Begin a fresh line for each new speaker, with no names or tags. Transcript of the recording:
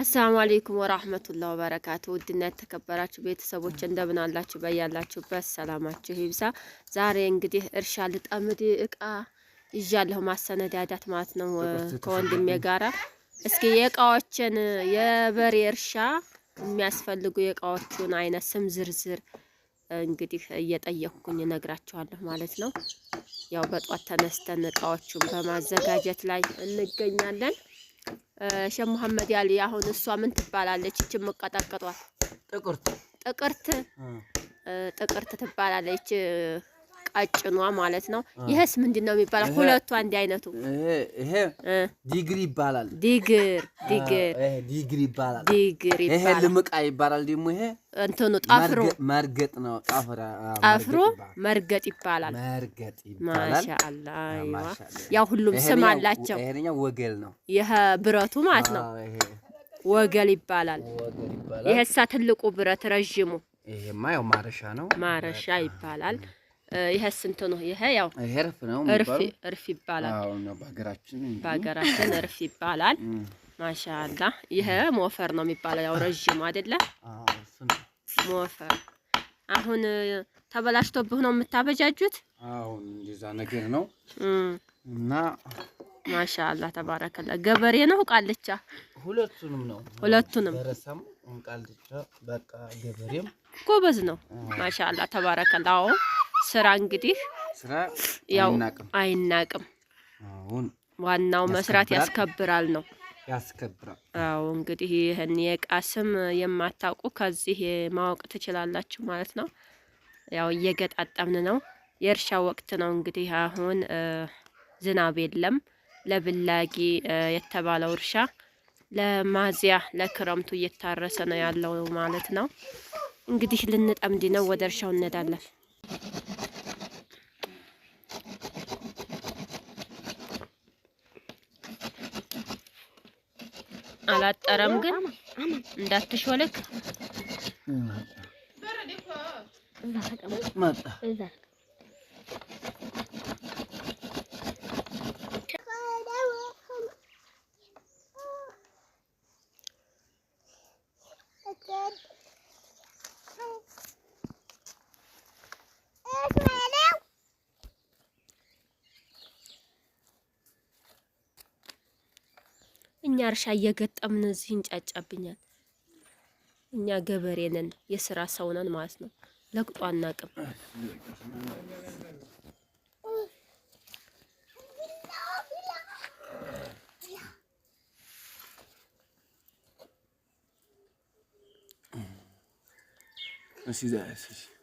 አሰላሙ አሌይኩም ወራህመቱላ ወበረካቱ። ውድና የተከበራችሁ ቤተሰቦች እንደምን አላችሁ? በያላችሁበት ሰላማችሁ ይብዛ። ዛሬ እንግዲህ እርሻ ልጠምድ እቃ ይዣለሁ ማሰነዳዳት ማለት ነው ከወንድሜ ጋራ። እስኪ የእቃዎችን የበሬ እርሻ የሚያስፈልጉ የእቃዎቹን አይነት ስም ዝርዝር እንግዲህ እየጠየቅኩኝ እነግራችኋለሁ ማለት ነው። ያው በጧት ተነስተን እቃዎቹን በማዘጋጀት ላይ እንገኛለን። ሼህ መሐመድ ያሊ አሁን እሷ ምን ትባላለች? እቺ መቀጣቀጧት ጥቅርት ጥቅርት ጥቅርት ትባላለች። ቀጭኗ ማለት ነው። ይሄስ ምንድን ነው የሚባለው? ሁለቱ አንድ አይነቱ
ይሄ ዲግሪ ይባላል።
ዲግር ዲግር
ዲግሪ ይባላል። ዲግር ይሄ ልምቃ ይባላል። ደግሞ ይሄ
እንትኑ ጣፍሮ
መርገጥ ነው። ጣፍሮ
ጣፍሮ መርገጥ ይባላል። መርገጥ ይባላል። ማሻአላ ያው ሁሉም ስም አላቸው።
ይሄኛው ወገል ነው።
ይሄ ብረቱ ማለት ነው። ወገል ይባላል። ይሄሳ ትልቁ ብረት ረዥሙ
ይሄማ ያው ማረሻ ነው።
ማረሻ ይባላል። ይሄ ስንት ነው? ይሄ ያው ይሄ እርፍ ነው የሚባለው። እርፍ ይባላል።
አዎ ነው በሀገራችን
በሀገራችን እርፍ ይባላል። ማሻአላ ይሄ ሞፈር ነው የሚባለው። ያው ረዥም አይደለ? አዎ ሞፈር። አሁን ተበላሽቶብህ ነው የምታበጃጁት?
አዎ እንደዛ ነገር ነው እና
ማሻአላ ተባረከላ። ገበሬ ነው ቃልቻ?
ሁለቱንም ነው ሁለቱንም በረሰም ቃልቻ። በቃ ገበሬም
ጎበዝ ነው ማሻአላ ተባረከላ። አዎ ስራ እንግዲህ ያው አይናቅም። ዋናው መስራት ያስከብራል ነው
ያስከብራል።
እንግዲህ ይህን የእቃ ስም የማታውቁ ከዚህ ማወቅ ትችላላችሁ ማለት ነው። ያው እየገጣጠምን ነው። የእርሻ ወቅት ነው እንግዲህ አሁን ዝናብ የለም። ለብላጊ የተባለው እርሻ ለማዚያ ለክረምቱ እየታረሰ ነው ያለው ማለት ነው። እንግዲህ ልንጠምድ ነው። ወደ እርሻው እንሄዳለን። አላጠረም ግን እንዳትሾልክ እኛ እርሻ እየገጠምን እዚህ እንጫጫብኛል። እኛ ገበሬ ነን፣ የስራ ሰው ነን ማለት ነው። ለቅጦ አናቅም።
እሺ